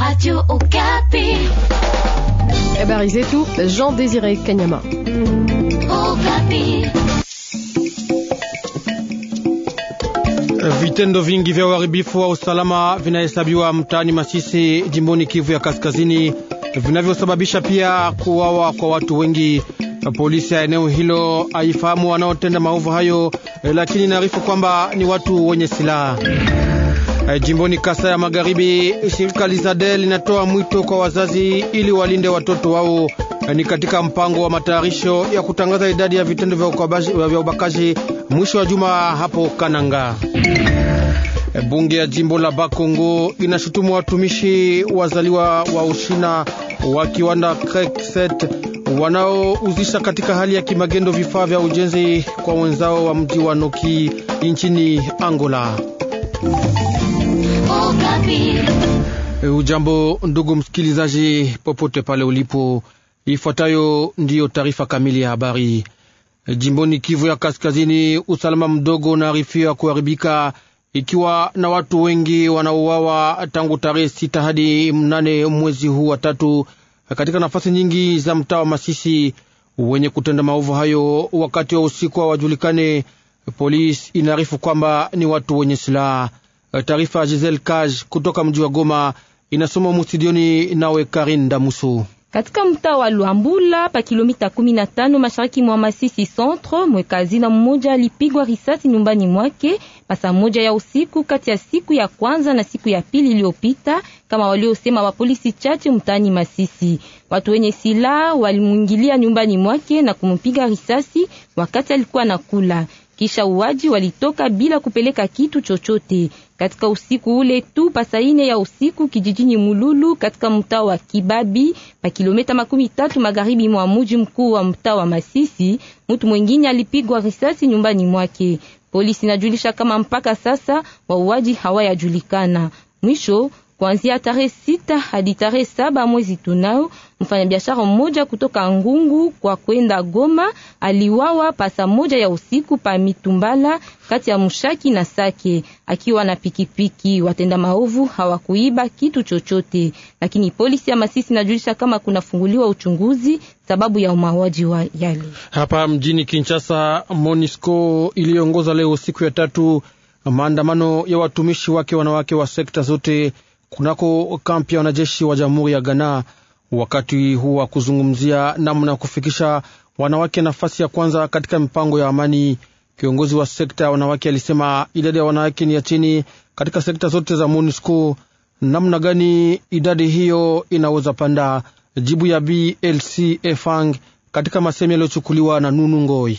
Radio Okapi. Habari eh zetu Jean Désiré Kanyama. Okapi. Eh, vitendo vingi vya uharibifu wa usalama vinahesabiwa mtaani Masisi jimboni Kivu ya Kaskazini vinavyosababisha pia kuwawa kwa watu wengi. Polisi ya eneo hilo haifahamu wanaotenda maovu hayo, eh, lakini inaarifu kwamba ni watu wenye silaha. Eh, jimboni kasa ya Magharibi, shirika Lizadel linatoa mwito kwa wazazi ili walinde watoto wao. Eh, ni katika mpango wa matayarisho ya kutangaza idadi ya vitendo vya ubakaji mwisho wa juma hapo Kananga. Eh, bunge ya jimbo la Bakongo inashutumu watumishi wazaliwa wa Ushina wa kiwanda Krekset wanaouzisha katika hali ya kimagendo vifaa vya ujenzi kwa wenzao wa mji wa Noki nchini Angola. Eh, ujambo ndugu msikilizaji, popote pale ulipo, ifuatayo ndiyo taarifa kamili ya habari. Jimboni Kivu ya Kaskazini, usalama mdogo unaarifiwa kuharibika ikiwa na watu wengi wanaouawa tangu tarehe sita hadi mnane mwezi huu wa tatu katika nafasi nyingi za mtaa wa Masisi. Wenye kutenda maovu hayo wakati wa usiku hawajulikane. Polisi inaarifu kwamba ni watu wenye silaha. Eh, taarifa ya Giselle Kaj kutoka mji wa Goma inasoma mustudioni nawe Karin Damuso katika mtaa wa Luambula pa kilomita 15 mashariki mwa Masisi Centre, mwekazina mmoja alipigwa risasi nyumbani mwake pasa moja ya usiku kati ya siku ya kwanza na siku ya pili iliyopita, kama waliosema wapolisi chache mtaani Masisi. Watu wenye silaha walimwingilia nyumbani mwake na kumpiga risasi wakati alikuwa kula kisha uwaji walitoka bila kupeleka kitu chochote. Katika usiku ule tu pasaine ya usiku kijijini Mululu katika mtaa wa Kibabi pa kilomita makumi tatu magharibi mwa muji mkuu wa mtaa wa Masisi, mutu mwengine alipigwa risasi nyumbani mwake. Polisi inajulisha kama mpaka sasa wauaji hawayajulikana. Mwisho Kuanzia tarehe sita hadi tarehe saba mwezi tunao, mfanyabiashara mmoja kutoka Ngungu kwa kwenda Goma aliwawa pasa moja ya usiku pa Mitumbala kati ya Mushaki na Sake akiwa na pikipiki. Watenda maovu hawakuiba kitu chochote, lakini polisi ya Masisi inajulisha kama kunafunguliwa uchunguzi sababu ya umawaji wa yale. Hapa mjini Kinshasa, Monisco iliongoza leo siku ya tatu maandamano ya watumishi wake wanawake wa sekta zote kunako kampi ya wanajeshi wa jamhuri ya Ghana. Wakati huu wa kuzungumzia namna ya kufikisha wanawake nafasi ya kwanza katika mipango ya amani, kiongozi wa sekta ya wanawake alisema idadi ya wanawake ni ya chini katika sekta zote za MONUSCO. Namna gani idadi hiyo inaweza panda? Jibu ya BLC Efang katika masemi yaliyochukuliwa na Nunu Ngoi.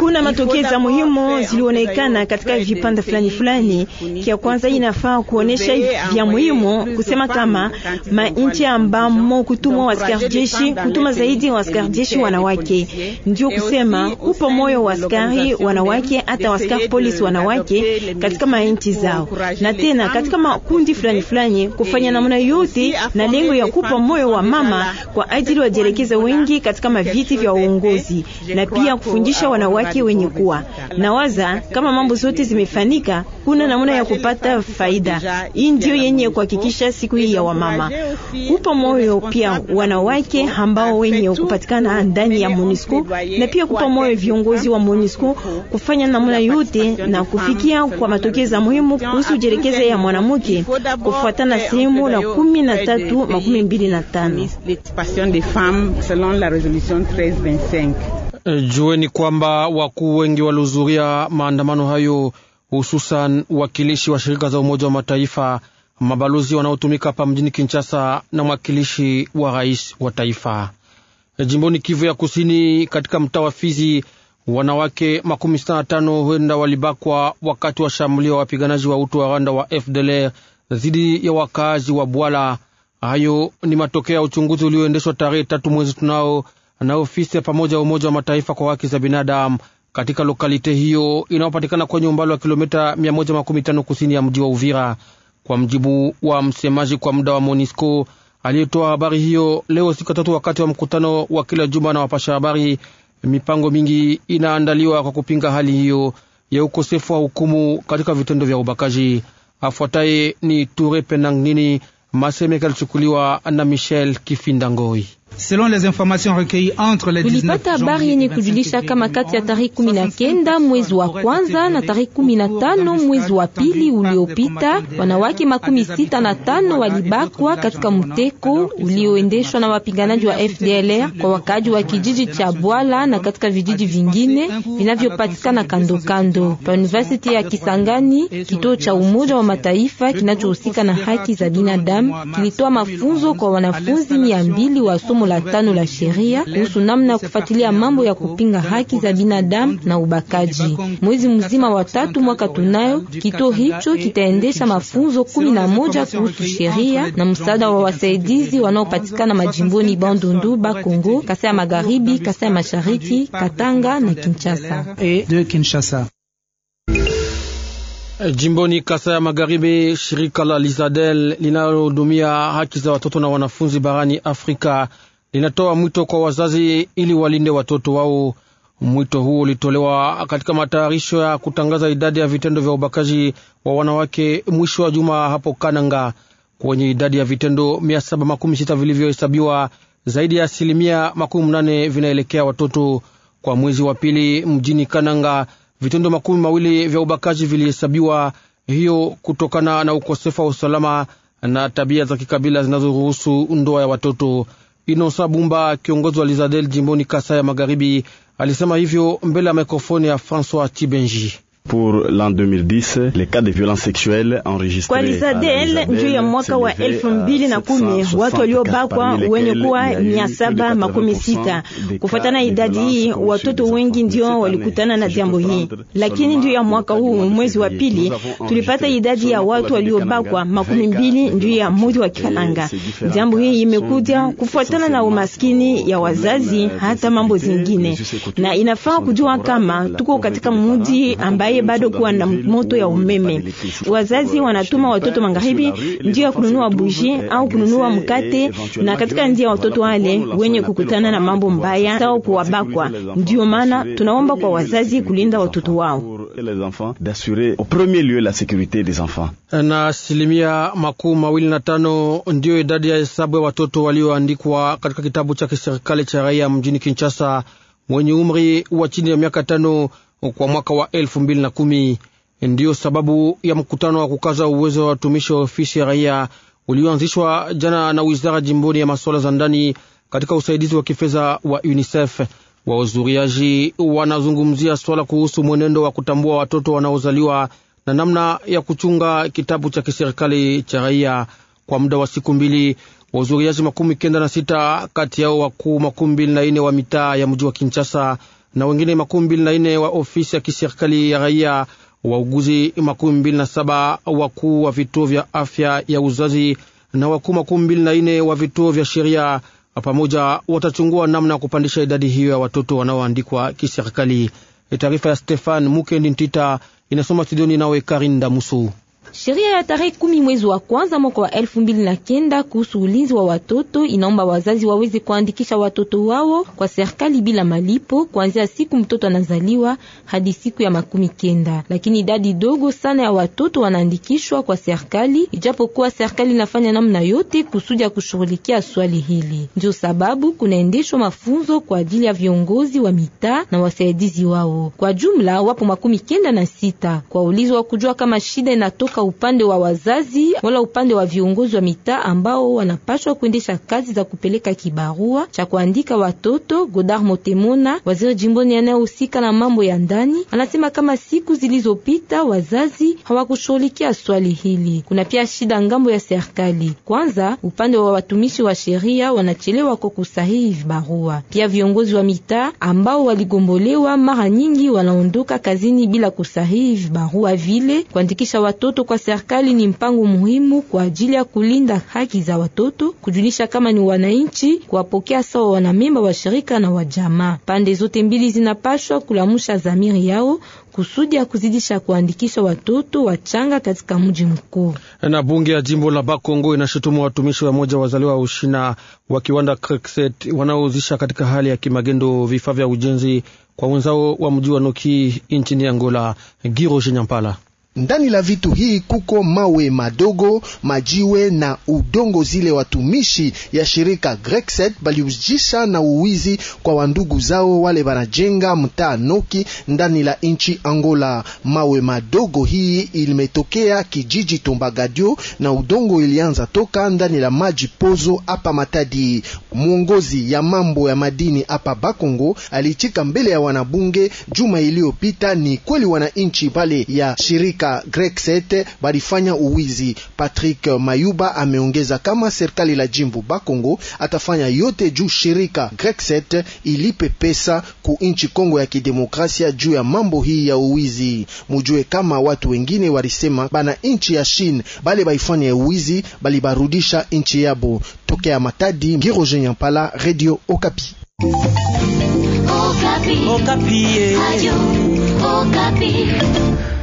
Kuna matokeo muhimu zilionekana katika vipande fulani fulani. Kia kwanza, inafaa kuonesha vya muhimu kusema kama mainchi ambamo kutuma waskari jeshi kutuma zaidi waskari jeshi wanawake, ndio kusema upo moyo wa askari wanawake hata waskari polisi wanawake katika mainchi zao, na tena katika makundi fulani fulani kufanya namna yote na lengo ya kupa moyo wa mama kwa ajili wajielekeze wengi katika maviti vya uongozi na pia kufundisha wanawake wenye kuwa nawaza. Kama mambo zote zimefanika, kuna namna ya kupata faida. Hii ndio yenye kuhakikisha siku hii ya wamama kupa moyo pia wanawake ambao wenye kupatikana ndani ya MONUSCO na pia kupa moyo viongozi wa MONUSCO kufanya namna yote na kufikia kwa matokeo za muhimu kuhusu jerekeza ya mwanamke kufuatana sehemu la kumi na tatu makumi mbili na tano jue Jueni kwamba wakuu wengi walihudhuria maandamano hayo, hususan wakilishi wa shirika za Umoja wa Mataifa, mabalozi wanaotumika hapa mjini Kinshasa na mwakilishi wa rais wa taifa. Jimboni Kivu ya Kusini, katika mtaa wa Fizi, wanawake makumi sita na tano huenda walibakwa wakati wa shambulio wa wapiganaji wa utu wa Rwanda wa FDLR dhidi ya wakaazi wa Bwala. Hayo ni matokeo ya uchunguzi ulioendeshwa tarehe tatu mwezi tunao na ofisi ya pamoja ya Umoja wa Mataifa kwa haki za binadamu katika lokalite hiyo inayopatikana kwenye umbali wa kilomita 115 kusini ya mji wa Uvira, kwa mjibu wa msemaji kwa muda wa monisco aliyetoa habari hiyo leo siku tatu wakati wa mkutano wa kila juma na wapasha habari. Mipango mingi inaandaliwa kwa kupinga hali hiyo ya ukosefu wa hukumu katika vitendo vya ubakaji. Afuataye ni Ture Penang Nini, alichukuliwa na Michel kifindangoi Tulipata habari yenye kujulisha kama kati ya tarehe kumi na kenda mwezi wa kwanza na tarehe kumi na tano mwezi wa pili uliopita, wanawake makumi sita na tano walibakwa katika mteko ulioendeshwa na wapiganaji wa FDLR kwa wakaaji wa kijiji cha Bwala na katika vijiji vingine vinavyopatikana kando pa University ya Kisangani. Kituo cha Umoja wa Mataifa kinachohusika na haki za binadamu kilitoa mafunzo kwa wanafunzi mia mbili wa somo somo la tano la sheria kuhusu namna ya kufuatilia mambo ya kupinga haki za binadamu na ubakaji. Mwezi mzima wa tatu mwaka tunayo, kituo hicho kitaendesha mafunzo kumi na moja kuhusu sheria na msaada wa wasaidizi wanaopatikana majimboni Bandundu, Bakongo, Kasai Magharibi, Kasai Mashariki, Katanga na Kinshasa. Jimboni Kasa ya Magharibi, shirika la Lisadel linalohudumia haki za watoto na wanafunzi barani Afrika linatoa mwito kwa wazazi ili walinde watoto wao. Mwito huo ulitolewa katika matayarisho ya kutangaza idadi ya vitendo vya ubakaji wa wanawake mwisho wa juma hapo Kananga, kwenye idadi ya vitendo 716 vilivyohesabiwa zaidi ya asilimia makumi vinaelekea watoto. Kwa mwezi wa pili mjini Kananga, vitendo makumi mawili vya ubakaji vilihesabiwa, hiyo kutokana na ukosefu wa usalama na tabia za kikabila zinazoruhusu ndoa ya watoto. Inosa Bumba, kiongozi wa Lizadel jimboni Kasai ya Magharibi, alisema hivyo mbele ya mikrofoni ya François Tibenji. Pour l'an 2010, les cas de violence sexuelle enregistrés kwa Lizadel juu ya mwaka wa euh, elfu mbili na kumi watu waliobakwa wenye kuwa mia saba makumi sita. Kufuatana idadi hii, watoto wengi ndio walikutana na jambo hii, lakini juu ya mwaka huu mwezi wa pili tulipata idadi ya watu waliobakwa makumi mbili juu ya muji wa Kikalanga. Jambo hii imekuja kufuatana na umaskini ya wazazi, hata mambo zingine, na inafaa kujua kama tuko katika muji ambaye ambaye bado kuwa na moto ya umeme. Wazazi wanatuma watoto magharibi njia ya kununua buji au kununua mkate, na katika njia watoto wale wenye kukutana na mambo mbaya au kuwabakwa. Ndio maana tunaomba kwa wazazi kulinda watoto wao na asilimia makumi mawili na tano ndiyo idadi ya hesabu ya watoto walioandikwa katika kitabu cha kiserikali cha raia mjini Kinshasa, mwenye umri wa chini ya miaka tano kwa mwaka wa elfu mbili na kumi. Ndiyo sababu ya mkutano wa kukaza uwezo wa watumishi wa ofisi ya raia ulioanzishwa jana na wizara jimboni ya masuala za ndani katika usaidizi wa kifedha wa UNICEF. Wahudhuriaji wanazungumzia swala kuhusu mwenendo wa kutambua watoto wanaozaliwa na namna ya kuchunga kitabu cha kiserikali cha raia. Kwa muda wa siku mbili, wahudhuriaji makumi kenda na sita kati yao wakuu makumi mbili na nne wa mitaa ya mji wa Kinshasa na wengine makumi mbili na nne wa ofisi ya kiserikali ya raia, wauguzi makumi mbili na saba wakuu wa vituo vya afya ya uzazi na wakuu makumi mbili na nne wa vituo vya sheria pamoja watachungua namna ya kupandisha idadi hiyo ya watoto wanaoandikwa kiserikali. Taarifa ya Stefan Mukendi Ntita inasoma studioni nawe Karinda Musu. Sheria ya tarehe kumi mwezi wa kwanza mwaka wa elfu mbili na kenda kuhusu ulinzi wa watoto inaomba wazazi waweze kuandikisha watoto wao kwa serikali bila malipo kuanzia siku mtoto anazaliwa hadi siku ya makumi kenda, lakini idadi dogo sana ya watoto wanaandikishwa kwa serikali, ijapokuwa serikali inafanya namna yote kusudi ya kushughulikia swali hili. Ndio sababu kunaendeshwa mafunzo kwa ajili ya viongozi wa mitaa na wasaidizi wao. Kwa jumla wapo makumi kenda na sita kwa ulizo wa kujua kama shida inatoka kutoka upande wa wazazi wala upande wa viongozi wa mitaa ambao wanapaswa kuendesha kazi za kupeleka kibarua cha kuandika watoto. Godard Motemona, waziri jimboni anayehusika na mambo ya ndani, anasema kama siku zilizopita wazazi hawakushughulikia swali hili. Kuna pia shida ngambo ya serikali, kwanza upande wa watumishi wa sheria wanachelewa kwa kusahihi vibarua. Pia viongozi wa mitaa ambao waligombolewa mara nyingi wanaondoka kazini bila kusahihi vibarua vile kuandikisha watoto kwa serikali ni mpango muhimu kwa ajili ya kulinda haki za watoto, kujulisha kama ni wananchi, kuwapokea sawa wanamemba wa shirika na jamaa. Pande zote mbili zinapashwa kulamusha zamiri yao kusudi ya kuzidisha kuandikisha watoto wachanga katika mji mkuu. Na bunge ya jimbo la Bakongo inashutumu watumishi wa moja wazaliwa wa Ushina wa kiwanda Krexet wanaouzisha katika hali ya kimagendo vifaa vya ujenzi kwa wenzao wa mji wa Noki nchini Angola. Giroje Nyampala ndani la vitu hii kuko mawe madogo, majiwe na udongo. Zile watumishi ya shirika Grexet baliujisha na uwizi kwa wandugu zao wale banajenga mtaa Noki ndani la inchi Angola. Mawe madogo hii ilimetokea kijiji Tumbagadio na udongo ilianza toka ndani la maji pozo hapa Matadi. Mwongozi ya mambo ya madini hapa Bakongo alichika mbele ya wanabunge juma iliyopita, ni kweli wananchi pale ya shirika katika euh, Sete walifanya uwizi. Patrick euh, Mayuba ameongeza kama serikali la jimbo Bakongo atafanya yote juu shirika Sete ilipe pesa ku inchi Kongo ya kidemokrasia juu ya mambo hii ya uwizi. Mujue kama watu wengine walisema bana inchi ya Shin bale baifanya uwizi bali barudisha inchi yabo. Tokea Matadi, Jenya Pala, Radio Okapi. Okapi. Okapi. Eh. Okapi.